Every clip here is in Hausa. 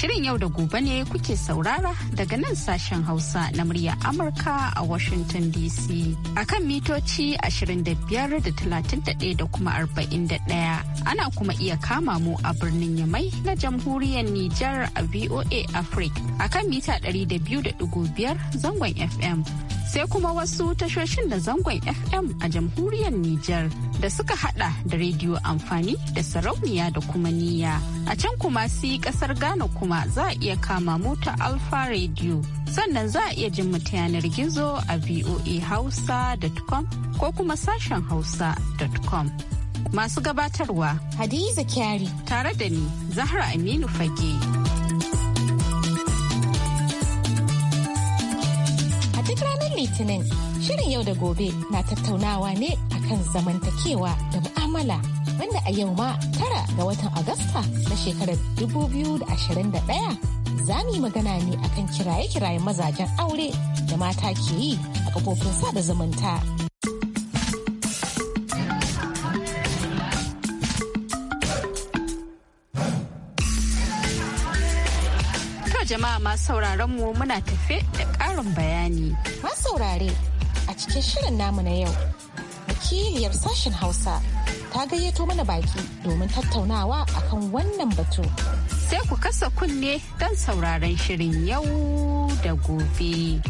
Shirin yau da gobe ne kuke saurara daga nan sashen Hausa na murya Amurka a Washington DC. A kan mitoci 25 da da kuma 41. Ana kuma iya kama mu a birnin Yamai na jamhuriyar Nijar a VOA Africa a kan mita 200.5 zangon FM. sai kuma wasu tashoshin da zangon FM a jamhuriyar Nijar da suka hada da rediyo amfani da sarauniya da kuma niyya. A can kuma si kasar Ghana kuma za a iya kama mota Alfa Radio sannan za a iya jin yanar gizo a voa voahausa.com ko kuma sashen hausa.com. Masu gabatarwa Hadiza Kyari tare da ni Zahra Aminu Fage. Litinin. Shirin yau da gobe na tattaunawa ne akan zamantakewa da mu'amala wanda a yau ma tara ga watan Agusta na shekarar 2021 za mu yi magana ne akan kiraye-kirayen mazajen aure da mata ke yi a kafofin sada zumunta. jama'a masu sauraron mu muna tafe da ƙarin bayani. Masu saurare a cikin shirin namu na yau, wakiliyar sashen Hausa ta gayyato mana baki domin tattaunawa akan wannan batu. Sai ku kasa kunne don sauraron shirin yau da gobe.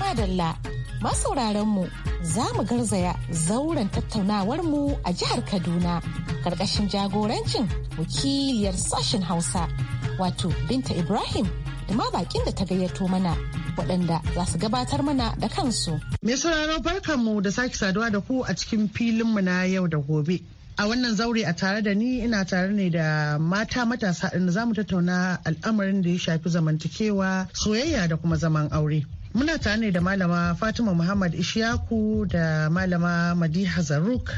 Madalla, sauraron mu za mu garzaya zauren tattaunawar mu a jihar Kaduna karkashin jagorancin wakiliyar sashen Hausa wato Binta Ibrahim da ma bakin da ta gayyato mana waɗanda za su gabatar mana da kansu. Me sauraro mu da sake saduwa da ku a cikin filin mu na yau da gobe. A wannan zaure a tare da ni ina tare ne da mata matasa da za mu tattauna al'amarin da ya shafi zamantakewa soyayya da kuma zaman aure. Muna tare da Malama Fatima Muhammad Ishaku da Malama Madiha Zaruk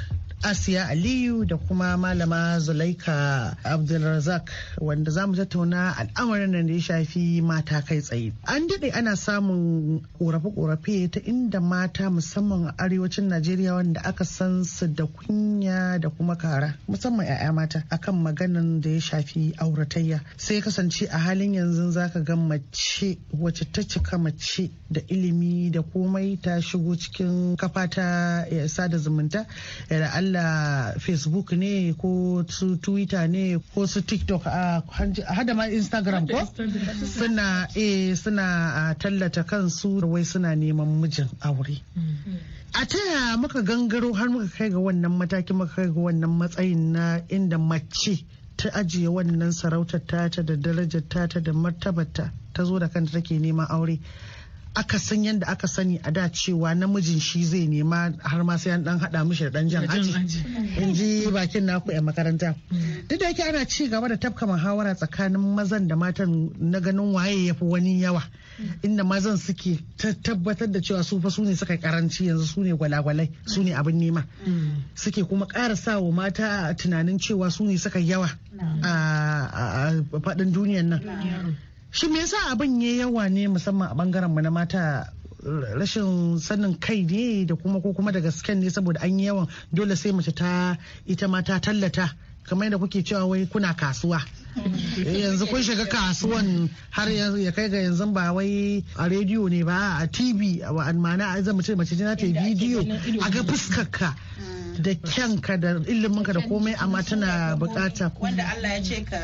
asiya aliyu da kuma malama zulaika abdulrazak wanda za mu tattauna al'amarin da ya shafi mata kai tsaye an daɗe ana samun ƙorafe-ƙorafe ta inda mata musamman a arewacin najeriya wanda aka san su da kunya da kuma kara musamman 'ya'ya mata akan maganan da ya shafi auratayya sai kasance a halin yanzu zaka ga mace wacce ta cika mace da ilimi da komai ta shigo cikin kafa ta eh, sada zumunta eh, da akalla facebook ne ko su twitter ne ko su tiktok a hada ma instagram ko eh, suna a suna tallata kansu wai suna neman mijin aure a taya muka gangaro har muka kai ga wannan mataki muka kai ga wannan matsayin na inda mace ta ajiye wannan sarautar tata da darajar tata da martabarta ta zo da kanta take neman aure aka san yadda aka sani a da cewa namijin shi zai nema har ma sai an dan hada mishi da dan jan aji in ji bakin naku a makaranta duk da yake ana ci gaba da tafka muhawara tsakanin mazan da matan na ganin waye yafi wani yawa inda mazan suke tabbatar da cewa su fa su ne suka karanci yanzu su ne gwalagwalai su ne abin nema suke kuma ƙara sa wa mata tunanin cewa su ne suka yawa a faɗin duniyan nan shi me yasa abin ya yawa ne musamman a bangaren mu na mata rashin sanin kai ne da kuma ko kuma da gasken ne saboda an yi yawan dole sai mace ta ita ma ta tallata kamar yadda kuke cewa wai kuna kasuwa Eh, yanzu kun shiga kasuwan har ya kai ga yanzu ba wai a rediyo ne ba a tv a ma'ana a zan mace mace na ta bidiyo a ga fuskarka mm. da kyanka da iliminka da komai amma tana bukata wanda Allah ya ce ka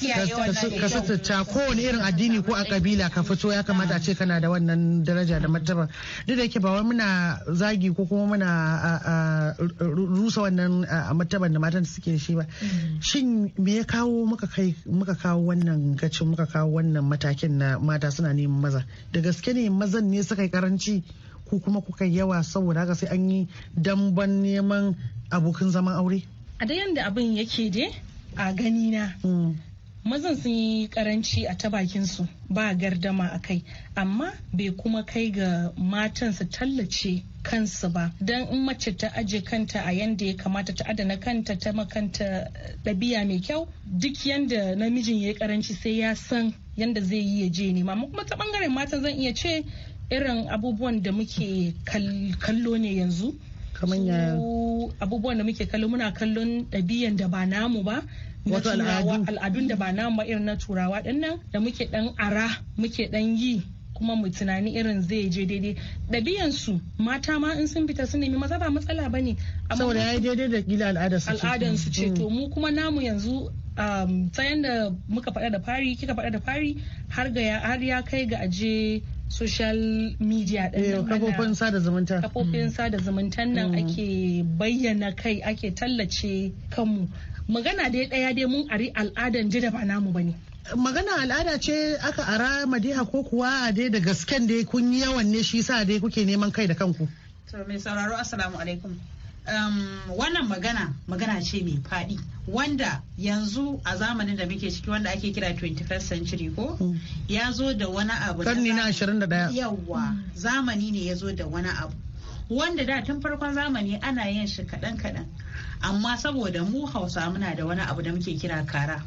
kiyaye wannan ka ko kowane irin addini ko a kabila ka fito ya kamata a ce kana da wannan daraja da martaba duk da yake ba wai muna zagi ko kuma muna rusa wannan martaban da matan suke shi ba mm. shin me ya kawo muka kai muka kawo wannan gacin muka kawo wannan matakin na mata suna neman maza da gaske ne mazan ne suka yi karanci ko kuma kuka yawa saboda haka sai an yi damban neman abokan zaman aure a da yanda abin yake dai a ganina. Hmm. mazan sun yi karanci a ta bakinsu ba gardama a kai amma bai kuma kai ga matan su tallace kansu ba don in mace ta aje kanta a yanda ya kamata ta adana kanta ta makanta eh, ɗabi'a mai kyau duk yanda namijin ya yi karanci sai ya san yanda zai yi ya je nema kuma ta bangaren mata zan iya ce irin abubuwan da muke kallo ne yanzu abubuwan da muke kallo muna kallon ɗabi'an da ba namu ba wato al'adun da ba namu irin na turawa dinnan da muke dan ara muke dan yi kuma mu tunani irin zai je daidai su mata ma in sun fita sun nemi maza ba matsala ba ne saboda ya yi daidai da al'adar su ce mm. to mu kuma namu yanzu um, ta yanda muka faɗa da fari kika faɗa da fari har ya kai ga aje social media ɗin eh, kafofin sada zumunta kafofin mm. sada zumuntan nan mm. ake bayyana kai ake tallace kanmu magana dai daya dai mun ari al'adan jida ba namu bane magana al'ada ce aka ara madiha ko kuwa a dai da gasken dai kun yi yawan ne shi sa dai kuke neman kai da kanku to mai sauraro assalamu alaikum um, wannan magana magana ce mai faɗi wanda yanzu a zamanin da muke ciki wanda ake kira 21st century ko mm. ya zo da wani abu karni na 21 yawa mm. zamani ne ya zo da wani abu wanda da tun farkon zamani ana yin shi kaɗan kaɗan amma saboda mu hausa muna da wani abu da muke kira kara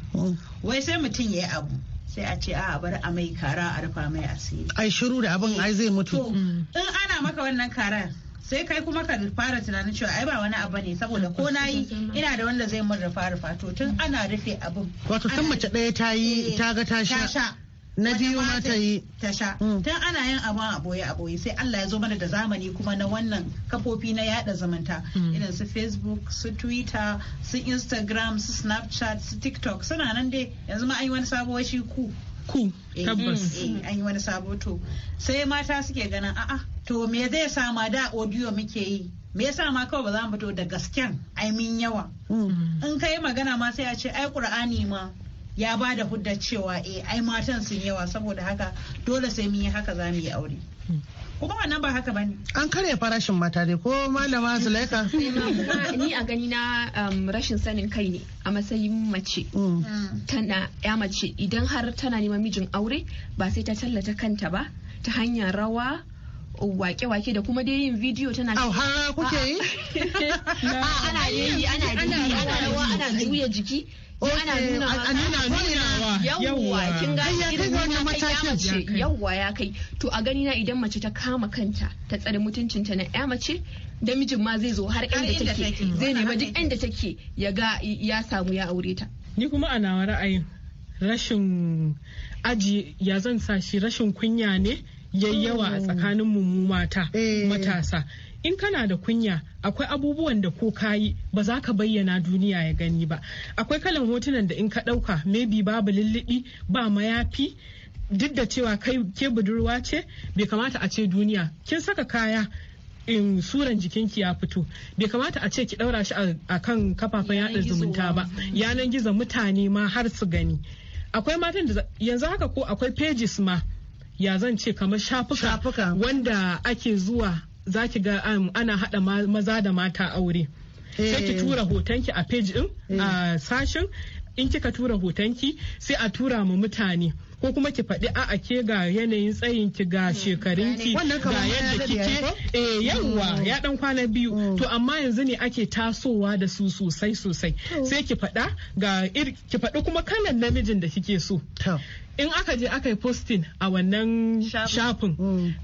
wai sai mutum ya yi abu sai a ce a bar a mai kara a rufa mai asiri ai shiru da abin ai zai mutu in ana maka wannan Kara sai kai kuma ka fara tunanin cewa ai ba wani abu ne saboda ko na yi ina da wanda zai mun rufa rufa to tun ana rufe abin wato tun mace ɗaya ta yi eh, ta ga ta sha na biyu ma ta yi ta sha mm. tun ana yin abu a boye a sai Allah ya zo mana da zamani kuma na wannan kafofi na yada zumunta mm. irin su Facebook su Twitter su Instagram su Snapchat su TikTok suna nan dai yanzu ma an yi wani sabo shi ku ku eh, tabbas eh, eh, an yi wani sabo to sai mata suke ganin a'a to me zai sa ma da audio muke yi me yasa ma kawai ba za mu fito da gasken ai mun yawa mm. in kai magana ma sai a ce ai qur'ani ma ya ba da hudda cewa eh ai matan sun yawa saboda haka dole sai mun yi haka za mu yi aure kuma wannan ba haka bane an karya farashin mata dai ko malama zulaika ni a gani na um, rashin sanin kai ne a matsayin mace mm. tana ya mace idan har tana neman mijin aure ba sai ta tallata kanta ba ta hanyar rawa wake-wake da kuma dai yin bidiyo tana Au har kuke yi? Ana yi ana ana rawa ana juya jiki ana yawwa ya kai to a gani na idan mace ta kama kanta ta tsare mutuncinta na ya mace mijin ma zai zo har inda take zai nema duk inda take ya ga ya samu ya aure ta ni kuma a nawa ra'ayin rashin aji ya zan sa shi rashin kunya ne yayyawa a oh. tsakanin mu mata eh. matasa in kana da kunya akwai abubuwan da ko kayi ba za ka bayyana duniya ya gani ba akwai kalan hotunan da in ka ɗauka maybe babu lullubi ba mayafi duk da cewa kai ke budurwa ce bai kamata a ce duniya kin saka kaya in suran jikinki ya fito bai kamata a ce ki ɗaura shi a kan kafafen yaɗa zumunta ba yanan gizo mutane ma har su gani akwai matan da yanzu haka ko akwai pages ma ya zan ce kamar shafuka wanda ake zuwa za ki ga um, ana haɗa maza da mata aure. Eh. Sai ki tura hotonki a page ɗin eh. a sashen in kika tura hotonki sai a tura ma mutane. ko kuma ki faɗi a ke ga yanayin tsayin ki ga hmm, shekarun ki ga yadda kike eh yawa hmm. ya dan kwana biyu hmm. to amma yanzu ne ake tasowa da su sosai sosai sai ki faɗa ga ki faɗi kuma kalan namijin da kike so in aka je aka yi posting a wannan shafin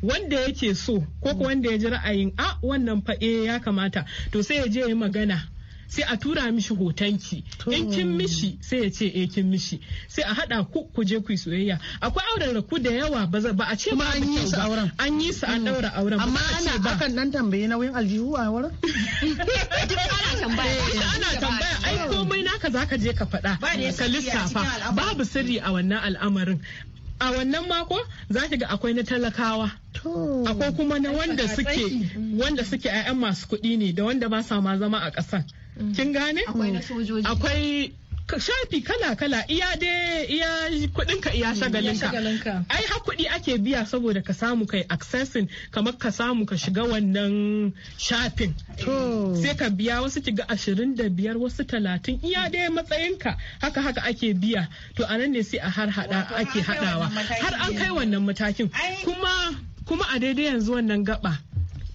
wanda yake so ko wanda ya ji ra'ayin a wannan eh ya kamata to sai ya je ya magana sai a tura mishi hotonki in kin mishi sai ya ce eh kin mishi sai a hada ku ku je ku soyayya akwai auren raku da yawa ba a ce ba an yi su auren an yi su an daura auren amma ana akan dan tambaye nauyin aljihu a wurin ana tambaya eh, ana tambaya ai komai naka zaka je ka faɗa ka lissafa babu sirri a wannan al'amarin a wannan mako za ga akwai na talakawa akwai kuma na wanda suke wanda suke 'ya'yan masu kuɗi ne da wanda ba sa ma zama a ƙasan Mm. kin gane akwai shafi kala-kala iya dai iya ka iya mm, shagalinka ai har kudi ake biya saboda ka samu kai accessing kamar ka samu ka shiga wannan shafin sai ka biya wasu kiga ashirin da biyar wasu talatin iya dai matsayinka haka haka ake biya to anan ne sai a har hada ake hadawa har an kai wannan matakin kuma kuma a daidai yanzu wannan gaba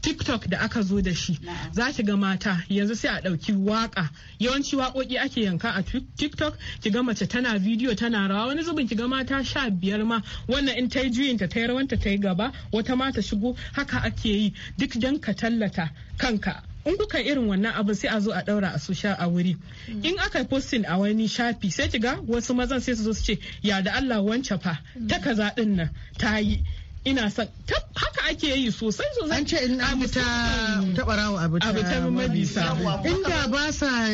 tiktok da aka zo da shi za ki ga mata yanzu sai a ɗauki waka yawanci waƙoƙi ake yanka a tiktok ki ga mace tana bidiyo tana rawa wani zubin ki ga mata sha biyar ma wannan in ta yi juyin ta yi rawanta ta yi gaba wata mata shigo haka ake yi duk dan ka tallata kanka in kuka irin wannan abin sai a zo a ɗaura a sosha a wuri mm. in aka postin a wani shafi sai ki ga wasu mazan sai su zo su ce ya da Allah wance fa mm. ta kaza din nan ta yi ina son haka ake yi sosai sosai an ce in abu ta tabarawa abu ta mabisa inda ba sa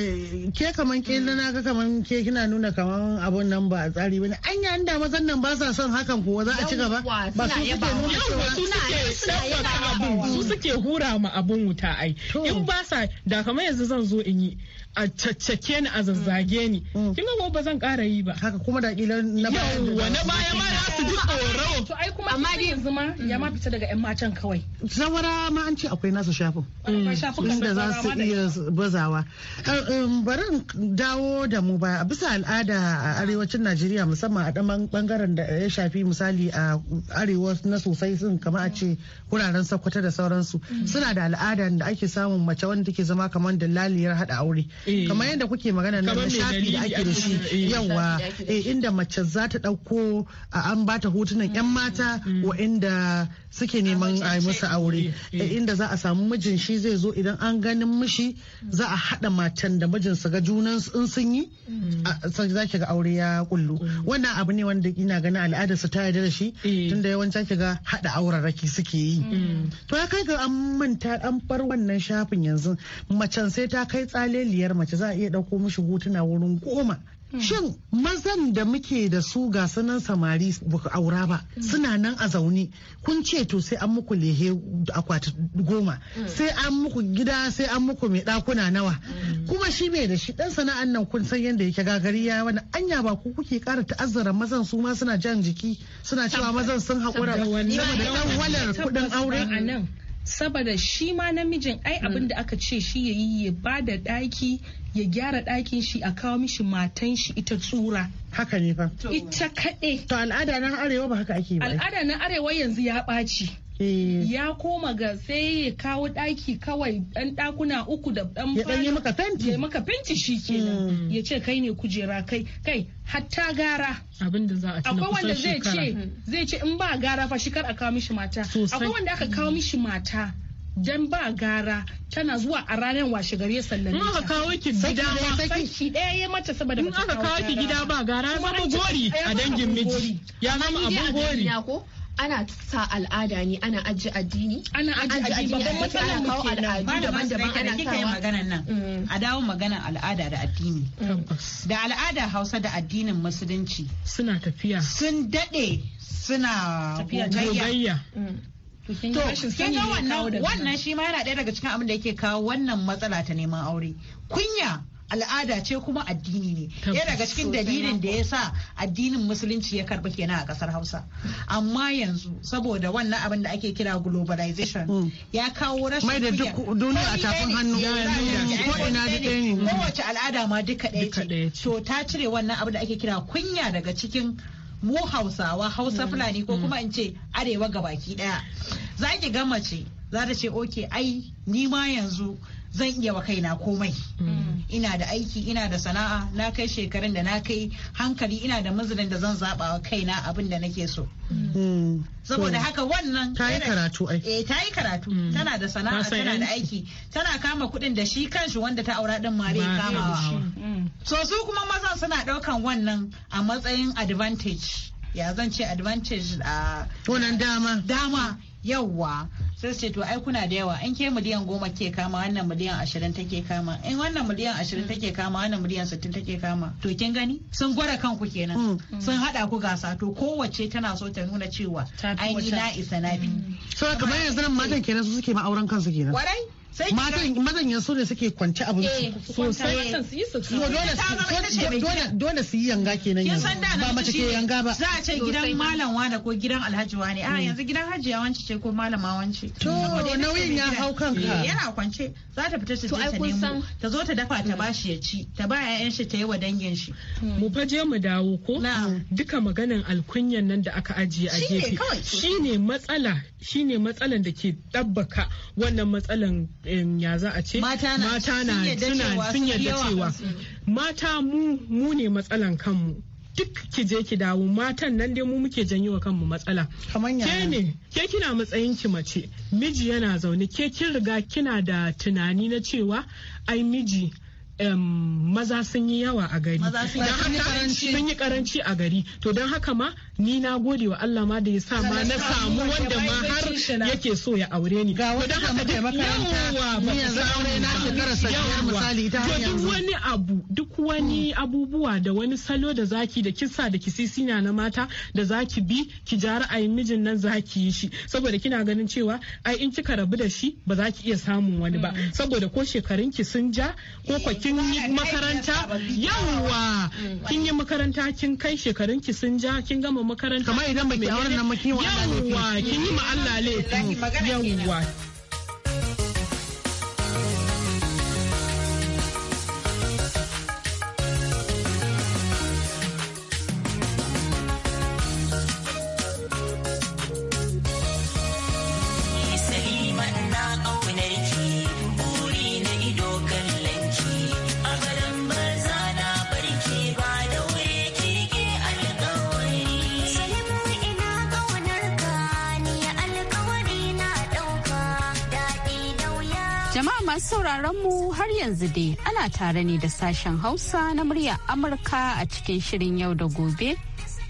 ke kaman ke na ga kaman ke kina nuna kaman abun nan ba a tsari bane ya inda mazan nan ba sa son hakan ko za a ci gaba ba su suke nuna su suke abun su suke hura ma abun wuta ai in ba sa da kamar yanzu zan zo in yi a caccake ni a zazzage ni mm. Mm. kin ga ba zan ƙara yi ba haka kuma da kila na baya na baya ma za su ji tsoro to ai kuma amma dai yanzu ma mm. ya ma fita daga yan matan kawai zawara ma an ce akwai nasu shafin inda za su iya bazawa eh, um, bari dawo da mu ba bisa al'ada a arewacin Najeriya musamman a ɗan bangaren da ya shafi misali a arewa na sosai sun kama a ce wuraren sakwata da sauransu suna da al'ada da ake samun mace wanda take zama kamar dalaliyar hada aure Eh. kamar yadda kuke magana na shafi da ake da shi eh. yawa eh, inda mace za ta dauko an ba ta hotunan yan mata mm. wa inda suke neman a musu aure eh, eh. inda za a samu mijin shi zai zo idan an ganin mishi za a haɗa matan da mijin su ga junan in sun yi mm. za ki ga aure ya kullu mm. wannan abu ne wanda ina ganin al'adar su ta yarda da shi eh. tunda yawanci ki ga haɗa auraraki suke yi mm. to ya kai ga an manta an bar wannan shafin yanzu macen sai ta kai tsaleliyar mace za a iya ɗauko mishi hotuna wurin goma Shin mazan da muke da su ga sanan samari aura ba mm. suna nan a zaune kun ce to sai an muku lehe akwati goma mm. sai an muku gida sai an muku mai dakuna nawa mm. kuma shi mai da shi dan sana'an nan kun san yadda yake gagari ya wani anya ba ku kuke kara ta'azzara mazan su ma suna jan jiki suna cewa mazan sun haƙura saboda kuɗin aure. saboda shi ma namijin ai abinda aka ce shi ya yi ya ba da ɗaki ya gyara ɗakin shi a kawo mishi matan shi ita tsura haka ne fa ita kaɗe to al'ada na arewa ba haka ake ba al'ada na arewa yanzu ya ɓaci eh. ya koma ga sai ya kawo ɗaki kawai ɗan ɗakuna uku da ɗan ya ɗan yi maka fenti ya maka fenti shi kenan mm. ya ce kai ne kujera kai kai hatta gara abin da za a akwai wanda zai ce zai ce in ba gara fa shi kar a kawo mishi mata akwai wanda aka kawo mishi mata dan ba gara tana zuwa a ranar washe gare ta. Mun aka kawo ki gida ba shi ɗaya ya mata saboda mun aka kawo ki gida ba gara zama gori a dangin miji ya zama abun gori ana sa al'ada ne ana aji addini ana aji addini babban matsalar mu kenan ba da daban ana kika yi maganar nan mm. a dawo maganar al'ada da addini da al'ada Hausa da addinin musulunci suna tafiya sun dade suna gogayya mm. To kin ga wannan wannan shi ma yana ɗaya daga cikin abin da yake kawo wannan matsala ta neman aure. Kunya al'ada ce kuma addini ne ɗaya daga cikin dalilin da ya sa addinin musulunci ya karɓi kenan a ƙasar hausa amma yanzu saboda wannan abin da ake kira globalization mm. ya kawo rashin mai da duk duniya a tafin hannu ko ina ne kowace al'ada ma duka ɗaya ce to ta cire wannan abin da ake kira kunya daga cikin mu hausawa hausa mm, fulani ko mm. kuma in ce arewa gabaki daya za ki ga mace za ta ce oke ai ni ma yanzu zan iya wa kaina komai mm. ina da aiki ina da sana'a na kai shekarun da na kai hankali ina da mazinin da zan zaba wa kaina abin da nake so saboda haka wannan ta yi karatu eh ta yi karatu tana da sana'a tana da aiki tana kama kuɗin da shi kanshi wanda ta aura din mare kama So su kuma mazan suna ɗaukan wannan a matsayin advantage. Ya zan ce advantage a... Wannan dama. Dama. yawwa sai ce to ai kuna da yawa in ke miliyan goma ke kama wannan miliyan ashirin take kama in wannan miliyan ashirin take kama wannan miliyan sittin take kama to kin gani sun gwada kanku kenan mm. Mm. sun hada ku gasa to kowace tana so ta nuna cewa ai ni na isa na bi so kamar yanzu nan matan kenan su suke ma'auran kansu kenan kwarai matan mazanyan su ne suke kwance abin su eh, sosai dole su yi yanga kenan yanzu ba mace ke yanga ba za a ce gidan malam wane ko gidan alhaji ne. a ah, mm. yanzu gidan hajiya wanci ce ko malama wanci. to nauyin ya hau kanka eh, yana kwance za ta fita ta je ta nemo ta zo ta dafa ta bashi ya ci ta ba yayan shi ta yi wa dangin shi hmm. mu faje mu dawo ko duka maganan alkunyan nan da aka ajiye a gefe shi ne matsala ne matsalan da ke ɗabbaka wannan matsalan ya za a ce mata na sun yadda cewa mata mu ne matsalan kanmu duk ki je ki dawo matan nan dai mu muke janyo wa kanmu matsala ke ne ke kina matsayin ki mace miji yana zaune ke kin riga kina da tunani na cewa ai miji maza sun yi yawa a gari sun yi karanci a gari to don haka ma ni na gode wa Allah ma da ya sa ma na samu wanda ma har yake so ya aure ni ga wanda haka da makaranta ni yanzu aure na shekara misali ta hanyar duk wani abu duk wani abubuwa da wani salo da zaki da kisa da kisisina na mata da zaki bi ki ja ra'ayin mijin nan zaki yi shi saboda kina ganin cewa ai in kika rabu da shi ba za ki iya samun wani ba hmm. saboda ko shekarun ki sun ja ko kwakin kin yi makaranta yawwa kin yi makaranta kin kai shekarun ki sun ja kin gama makaranta kamar idan baki auren nan yawwa kin yi ma Allah laifi yawwa yanzu dai ana tare ne da sashen Hausa na murya Amurka a cikin shirin yau da gobe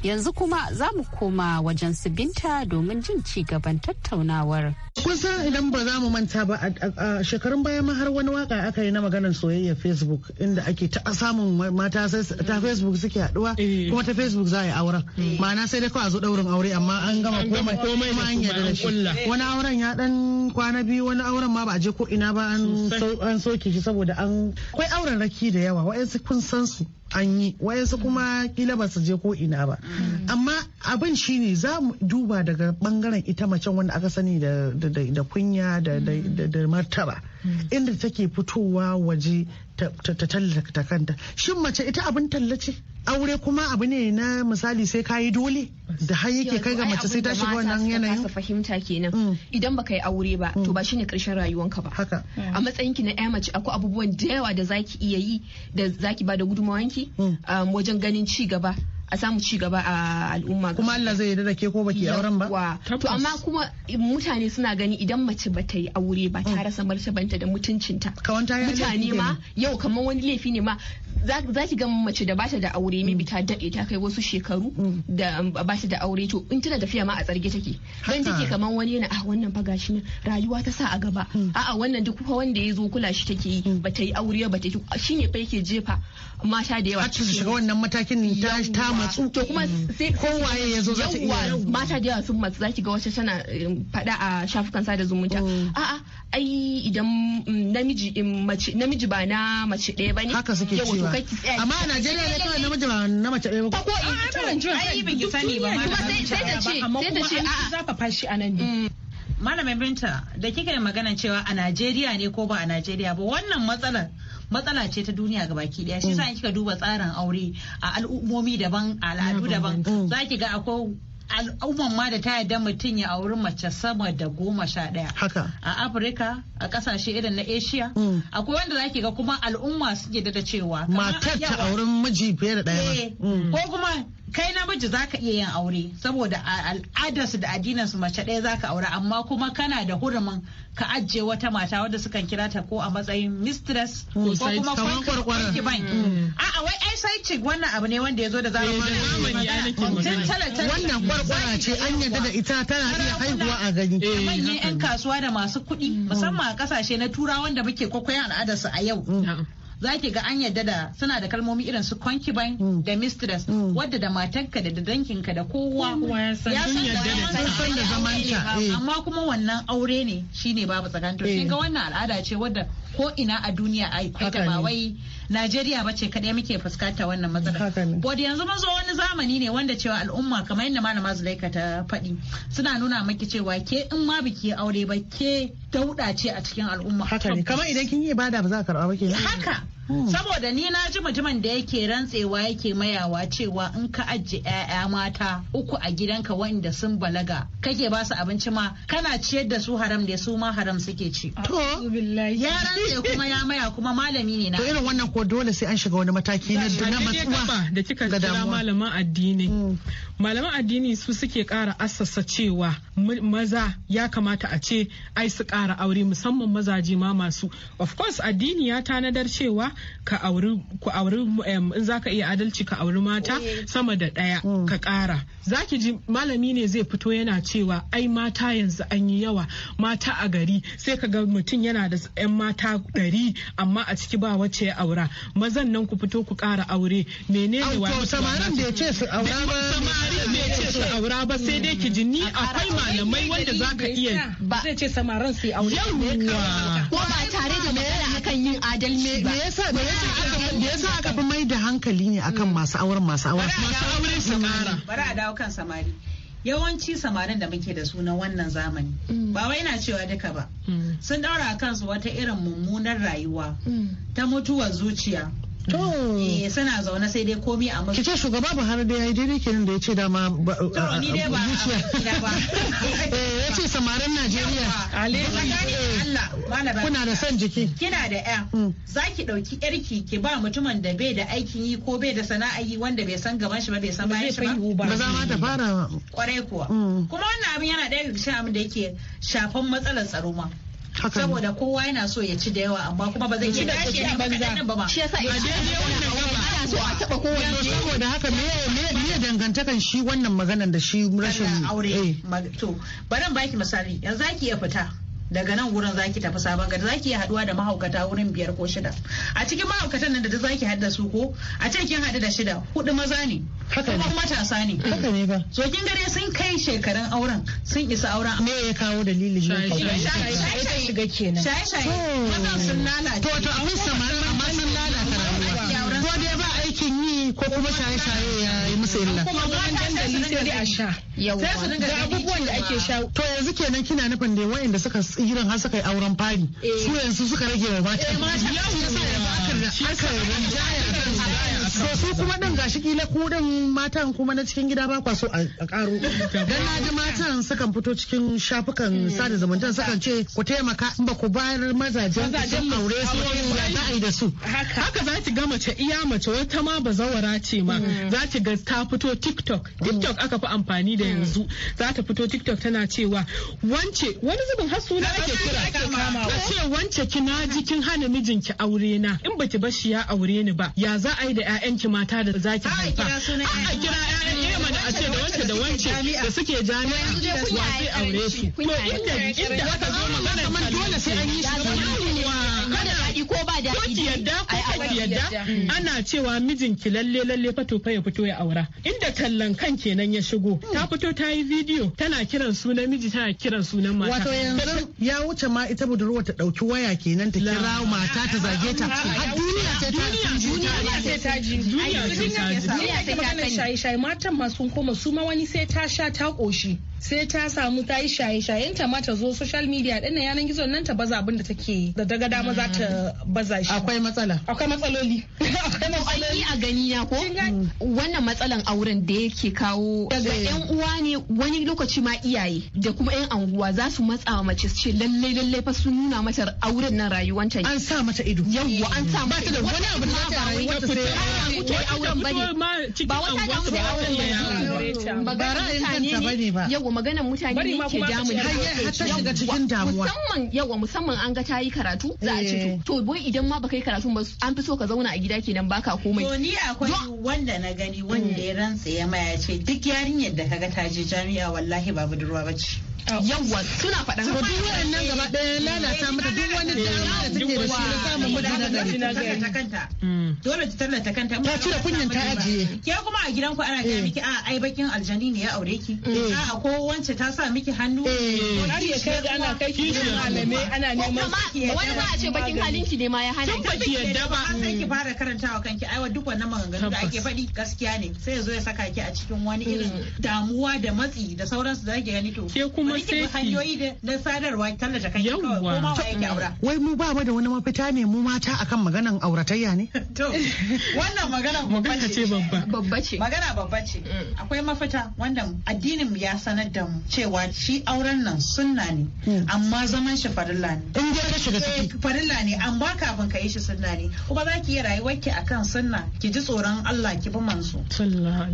Yanzu kuma za mu koma wajen su binta domin jin ci gaban tattaunawar. san idan ba za mu manta ba a shekarun baya ma har wani waka aka yi na maganar soyayya Facebook inda ake ta samun mata ta Facebook suke haduwa eh. kuma ta Facebook za a yi auren. Eh. Ma'ana sai dai kawai a zo daurin aure amma an gama komai ma an yarda da shi. Wani auren ya dan kwana biyu wani auren ma ba a je ko ina ba an soke shi saboda an akwai auren raki da yawa wa'yansu kun san su. an yi wayansu kuma kila ba su je ko ina ba mm. amma abin shine za mu duba daga bangaren ita macen wanda aka sani da kunya da martaba Mm. inda take fitowa waje ta tallata kanta shin mace ita abin tallace. aure kuma abu ne na misali sai kayi dole da har yake kai ga mace sai ta shiga wannan yanayin fahimta kenan mm. idan baka yi aure ba to mm. ba shine karshen rayuwanka ba haka a matsayin ki na ƴa mace akwai abubuwan da yawa da zaki iya yi da zaki ba da gudunmawanki um, wajen ganin ci gaba a samu ci gaba a al'umma kuma Allah zai yarda da ke ko baki auren ba to amma kuma mutane suna gani idan mace ba ta yi aure ba ta mm. rasa martabanta da mutuncinta mutane ma yau kamar wani laifi ne ma za ki ga mace da bata da aure mm. bi ta daɗe ta kai wasu shekaru mm. da um, bata da aure to in tana tafiya ma a tsarge take dan take kamar wani yana a ah, wannan fa gashi rayuwa ta sa a gaba a'a wannan duk fa wanda ya zo kula shi take yi bata yi aure ba ta yi shine fa yake jefa mata da yawa cikin shiga wannan matakin ta matsu to kuma mm. sai kowaye ya zo za ta iya mata da yawa sun matsu za ki ga wata tana um, faɗa a shafukan sada zumunta oh. a'a ai idan mm, namiji in um, mace namiji ba na mace ɗaya bane haka suke cewa amma a Najeriya ne kawai namiji ba na mace ɗaya ba ko ai ban ki sani ba ma sai da ce sai da ce a'a fashi a nan ne mm. Malamai Binta da kika yi magana cewa a Najeriya ne ko ba a Najeriya ba wannan matsalar matsala ce ta duniya ga baki daya shi mm. sa kika duba tsarin aure a al'ummomi daban a al'adu daban mm. za ki ga akwai al'umman ma da ta yarda mutum ya auri mace sama da goma sha ɗaya. A Afirka, a ƙasashe irin na Asia. Mm. Akwai wanda zaki ga kuma al'umma suke da cewa. Matar ta auren miji fiye da daya eh, Ko kuma kai namiji za ka iya yin aure saboda a al'adarsu da addinansu mace ɗaya za ka aure amma kuma kana da hurumin ka ajiye wata mata wadda sukan kira ta ko a matsayin mistress hmm, ko kuma kwankiban hmm. a wai ai sai ce wannan abu ne wanda ya zo da eh, zamani wannan kwarkwara ce an yadda da ita tana iya haihuwa a gani eh, manyan yan kasuwa da masu kuɗi hmm. musamman a ƙasashe na turawa wanda muke kwakwayan al'adarsu a yau za ki ga an yadda da suna da kalmomi irin su concubine mm. da mistress mm. wadda da matanka da dankinka da kowa ya san da zaman ka eh. amma kuma wannan aure ne shine babu tsakanto shi ga eh. wannan al'ada ce wadda ko ina a duniya ai ba wai Najeriya ba ce kaɗai muke fuskanta wannan matsala. Wadda yanzu mun zo wani zamani ne wanda cewa al'umma kamar yadda malama Zulaika ta faɗi suna nuna maki cewa ke in ma biki aure ba ke ta ce a cikin al'umma. Haka ne kamar idan kin yi ibada ba za ka karɓa ba ke. Haka. Hmm. saboda ni na ji mutumin da yake rantsewa yake mayawa cewa in ka ajiye 'ya'ya mata uku a gidanka wanda sun balaga kake ba su abinci ma kana ciyar da su haram da su ma haram suke ci to ya rantse kuma ya maya kuma malami ne na to irin wannan ko dole sai an shiga wani mataki na matsuwa da kika kira malaman addini hmm. malaman addini su suke kara assasa cewa maza ya kamata a ce ai su kara aure musamman mazaje ma masu of course addini ya tanadar cewa ka auri ku auri in zaka iya adalci ka auri mata eh. sama da ɗaya hmm. ka ƙara zaki ji malami ne zai fito yana cewa ai mata yanzu an yi yawa mata a gari sai ka ga mutum yana da 'yan mata ɗari amma a ciki ba wacce ya aura mazan nan ku fito ku ƙara aure menene wa samarin da ce su aura ba samarin bai ce su aura ba sai dai ki ji ni akwai malamai wanda zaka iya ba zai ce samarin su aure ko ba tare da kan yin adalci ba me yasa aka fi mai da hankali ne akan hmm. masu auren masu auren masu aure samari bari a dawo kan samari yawanci samarin da muke da su wannan zamani hmm. ba wai na cewa duka ba hmm. sun daura kansu wata irin mummunar rayuwa ta mutuwar zuciya To. Eh suna zaune sai dai komi a musu. Kice shugaba Buhari dai yayi daidai kenan da ya ce dama. To ni dai ba eh, Ya ce samarin Najeriya. Allah. Kuna da son jiki. Kina da ƴa. Mm. Za ki ɗauki ƴarki ki ba mutumin da bai da aikin yi ko bai da sana'a yi wanda bai san gaban shi ba bai san bayan shi ba. Ba za ma ta fara. Kwarai kuwa. Mm. Kuma wannan abin yana ɗaya daga cikin abin da yake shafan matsalar tsaro ma. saboda kowa yana so ya ci da yawa amma kuma ba zai ci da shi a ba shi yasa a daidai ana so a taba kowanne saboda haka me me dangantakan shi wannan maganan da shi rashin aure eh. to bari baki misali yanzu zaki iya fita daga nan wurin zaki tafi sabon gari zaki yi haduwa da mahaukata wurin biyar ko shida a cikin mahaukatan nan da zaki hada su ko a ce kin hadu da shida hudu maza ne kuma matasa ne haka ne ba so kin gare sun kai shekarun auren sun isa auren me ya kawo dalilin shaye shaye shiga kenan shaye shaye oh. mazan sun lalace to to a musamman amma sun lalace dai ba aikin yi ko kuma shaye-shaye ya yi musu illa. Kuma dandali sai dai a sha. Sai su dinga abubuwan da ake sha. To yanzu kenan kina nufin da wayanda suka tsirin har suka yi auren fari. Eh. Su yanzu suka rage wa mata. Eh mata yau ya sa ya aka rinjaya da su kuma din gashi kila ku din matan kuma na cikin gida ba kwa so a karo. Dan na ji matan sukan fito cikin shafukan hmm. sada zumunta sukan ce ku taimaka in ba ku bayar mazajen aure su za a yi da su. Haka za ki ga mace iya mace wata ma ba bazawara ce ma mm. za ki ga ta fito tiktok mm. tiktok aka fi amfani da mm. yanzu za ta fito tiktok tana cewa wance wani zubin har suna ake kira a ce wance kina ji kin hana mijinki aure na in baki bar shi ya aure ni ba ya za a yi da ƴaƴanki mata da zaki haifa a kira ƴaƴan eh mana a ce da wance da wance da suke jami'a wa sai aure su to inda inda aka zo magana kamar dole sai an yi shi kada ko ba da ko ki yadda ko ki yadda ana cewa mijinki lalle lalle fato fa ya fito ya aura inda kallon kan kenan ya shigo ta fito ta yi bidiyo tana kiran sunan miji tana kiran sunan mata wato yanzu ya wuce ma ita budurwa ta dauki waya kenan ta kira mata ta zage ta har duniya ce ta duniya ce ta ji duniya ce ta ji duniya ce ta ji matan ma sun koma su ma wani sai ta sha ta koshi sai ta samu ta yi shaye-shayen ta ma ta zo social media din na yanar gizo nan ta baza abin da take da daga dama za ta baza shi akwai matsala akwai matsaloli akwai matsaloli a gani ya ko wannan matsalan auren da yake kawo daga yan uwa ne wani lokaci ma iyaye da kuma yan anguwa za su matsa wa mace ce lalle lalle fa sun nuna mata auren nan rayuwanta an sa mata ido yawwa an sa mata ido wani abu da ta ta sai auren bane ba wata da auren bane ba ra'ayin kanta bane ba yawa maganan mutane ne ke damun har ta shiga cikin damuwa musamman yawa musamman an ga tayi karatu za a ce to boy eh. idan ma baka yi karatu ba an fi so ka zauna a gida kenan baka komai to ni akwai wanda na gani wanda mm. ya rantsa ya maya ce duk yarinyar da kaga ta je jami'a wallahi ba budurwa bace oh. yawa suna faɗan ko duk waɗannan gaba eh. ɗaya lalata mata duk eh, wani da take da shi na samu kuɗi na gari ta kanta mm. dole ta tallata kanta ta cire kunyan ta ajiye ke kuma a gidan ku ana ga miki a ai bakin aljani ne ya aure ki a ko wance ta sa miki hannu eh. har ya kai ana kai ki malamai ana neman wani za a ce bakin halin halinki ne ma ya hana ki baki yadda ba sai ki fara karantawa kanki aiwa duk wannan maganganu da ake faɗi gaskiya ne sai ya zo ya saka ki a cikin wani irin mm. damuwa da matsi da sauransu da ake gani to ke kuma sai hanyoyi na sadarwa tallata kanki kawai ko ma wa yake aura wai mu ba mu da wani mafita ne mu mata akan maganan auratayya ne to wannan magana babba ce babba ce magana babba ce mm. akwai mafita wanda addinin ya sanar da cewa shi auren nan sunna ne hmm. amma zaman shi farilla ne in ka shiga ciki eh, farilla ne amma kafin ka yi shi sunna ne kuma za ki yi a kan sunna ki ji tsoron Allah ki bi manzo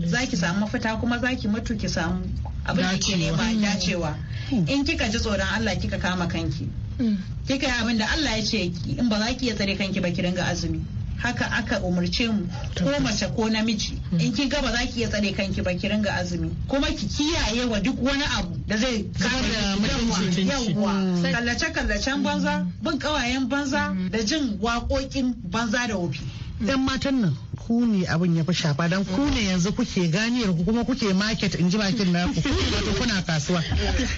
za ki samu mafita kuma za ki mutu ki samu abin da ke nema dacewa hmm. in kika ji tsoron Allah kika kama kanki hmm. kika yi abin da Allah ya ce in ba za ki iya tsare kanki ba ki dinga azumi haka aka umarce mu ko mace ko namiji hmm. in ki gaba za ki iya tsare kanki ba ki ringa azumi kuma ki kiyaye wa duk wani abu da zai kare yawwa hmm. kallace kallacen banza bin kawayen banza hmm. da jin waƙoƙin banza da wofi 'yan matan nan ku ne abin ya fi shafa don ku ne yanzu kuke ganiyar ku kuma kuke market in ji bakin na ku wato kuna kasuwa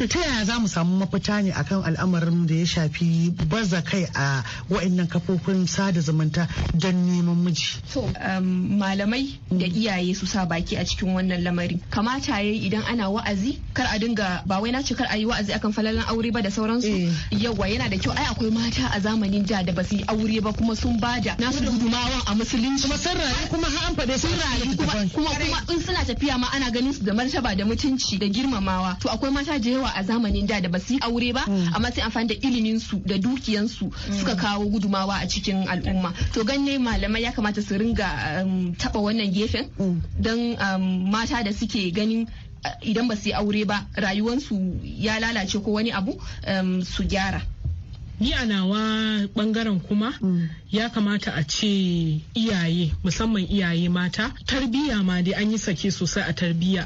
ta yaya za mu samu mafita ne akan al'amarin da ya shafi baza kai a wa'annan kafofin sada zumunta don neman miji to um, malamai da iyaye su sa baki a cikin wannan lamari kamata yayi idan ana wa'azi kar a dinga ba wai na ce kar a yi wa'azi akan falalan aure ba da sauransu eh. yawa yana da kyau ai akwai mata a zamanin da da ba su yi aure ba kuma sun bada nasu gudumawan a musulunci kuma rayu kuma har an faɗe sun rayu kuma kuma in suna tafiya ma ana ganin su da martaba da mutunci da girmamawa to akwai mata da yawa a zamanin da da basu yi aure ba hmm. amma sai amfani da ilimin su da dukiyan su hmm. suka kawo gudumawa a cikin al'umma to ganne malamai ya kamata su ringa um, taba wannan gefen hmm. dan um, mata da suke ganin uh, idan ba su yi aure ba rayuwansu ya lalace ko wani abu um, su gyara ni a nawa bangaren kuma mm. ya kamata a ce iyaye musamman iyaye mata tarbiyya ma dai an yi sake sosai a tarbiyya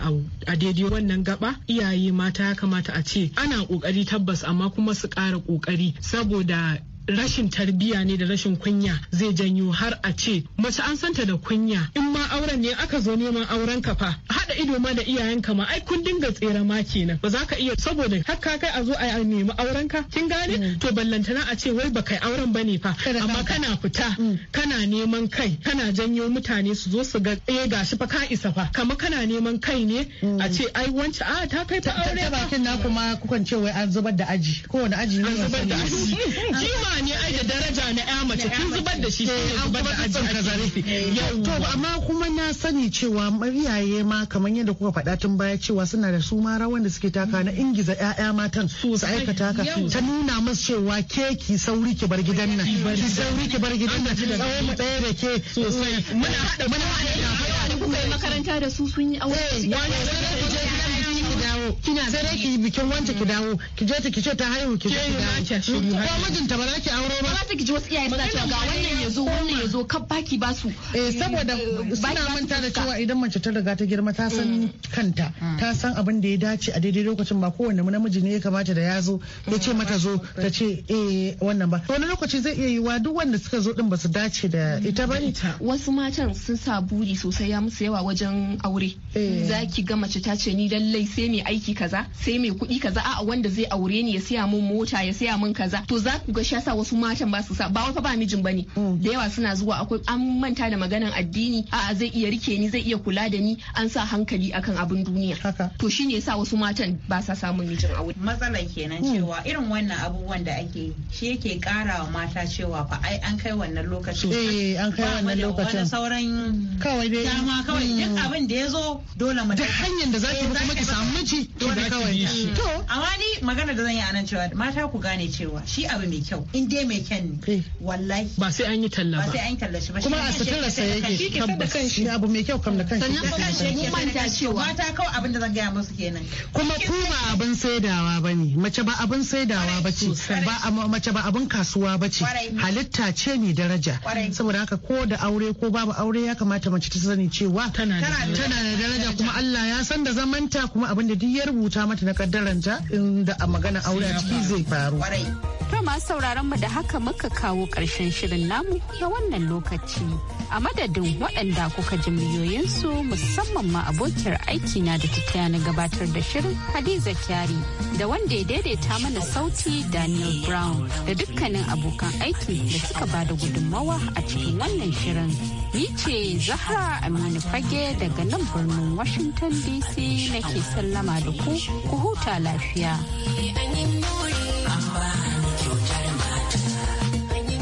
a daidai wannan gaba iyaye mata ya kamata a ce ana kokari tabbas amma kuma su ƙara kokari saboda rashin tarbiya ne da rashin kunya zai janyo har a ce mace an santa da kunya in ma auren ne aka zo neman auren ka fa haɗa ido ma da iyayenka ma ai kun dinga tsere ma kenan ba za ka iya saboda har ka kai a zo a nemi auren ka kin gane mm. to ballantana a ce wai baka auren bane fa amma kana fita mm. kana neman kai kana janyo mutane su zo su ga eh gashi fa ka isa fa kama kana neman kai ne mm. a ce ai wance a ta kai fa aure ta bakin na kuma kukan ce wai an zubar da aji kowane aji ne an zubar da aji ne ai da daraja na ya mace kin zubar da shi sai zubar da ajin ka zarafi to amma kuma na sani cewa mariyaye ma kamar yadda kuka faɗa tun baya cewa suna da su ma rawan da suke taka na ingiza ƴaƴa matan su aikata taka ta nuna musu cewa ke ki sauri ki bar gidan nan ki sauri ki bar gidan nan tsawo mu ɗaya da ke sosai muna haɗa muna haɗa makaranta da su sun yi aure eh, dawo kina sai dai ki bikin wanda ki dawo ki je ta ki ce ta haihu ki je ki dawo ko mijinta ba za ki auro ba za ki ji wasu iyaye suna cewa ga wannan ya wannan ya kan baki ba su eh saboda suna manta da cewa idan mace ta riga ta girma ta san mm. kanta mm. ta san abin da ya dace a daidai lokacin ba kowanne namiji ne ya kamata da ya zo ya ce mata zo mm. ta ce eh wannan ba wani lokaci zai iya yiwa duk wanda suka zo din ba su dace da ita ba wasu matan sun sa buri sosai ya musu yawa wajen aure eh. za ki ga mace ta ce ni lallai sai mai aiki kaza sai mai kuɗi kaza a'a wanda zai aure ni ya siya mun mota ya siya mun kaza to za ku ga shi yasa wasu matan ba su sa ba wai fa ba mijin bane mm. da yawa suna zuwa akwai an manta da maganan addini a'a zai iya rike ni zai iya kula da ni an sa hankali akan abin duniya to shine yasa wasu matan ba sa samun mijin aure matsalan kenan mm. cewa irin wannan abubuwan da ake shi yake kara wa mata cewa fa ai an kai wannan lokacin eh an kai wannan lokacin wani sauran kawai dai dama kawai duk mm. abin da ya zo dole mu da hanyar da za ki kuma eh, ki samu to da kawai to amma ni magana da zan yi anan cewa mata ku gane cewa shi abu mai kyau in dai mai kyan ne wallahi ba sai an yi talla ba ba sai an talla shi ba kuma a sutura sa yake tabbas shi abu mai kyau kam da kanshi sannan ba shi mun manta cewa mata kawai abin da zan gaya musu kenan kuma ku ba abin saidawa bane mace ba abin saidawa bace ba mace ba abin kasuwa bace halitta ce mai daraja saboda haka ko da aure ko babu aure ya kamata mace ta sani cewa tana da daraja kuma Allah ya san da zamanta kuma abin da da duk ya rubuta mata na kaddaranta inda a magana aure a ciki zai faru. To masu sauraron mu da haka muka kawo ƙarshen shirin namu na wannan lokaci. A madadin waɗanda kuka ji miliyoyinsu musamman ma abokiyar aiki na da ta na gabatar da shirin Hadiza Kyari da wanda ya daidaita mana sauti Daniel Brown da dukkanin abokan aiki da suka ba da gudunmawa a cikin wannan shirin. Ni ce Zahra Aminu Fage daga nan birnin Washington DC nake sallama. sallama da ku ku huta lafiya.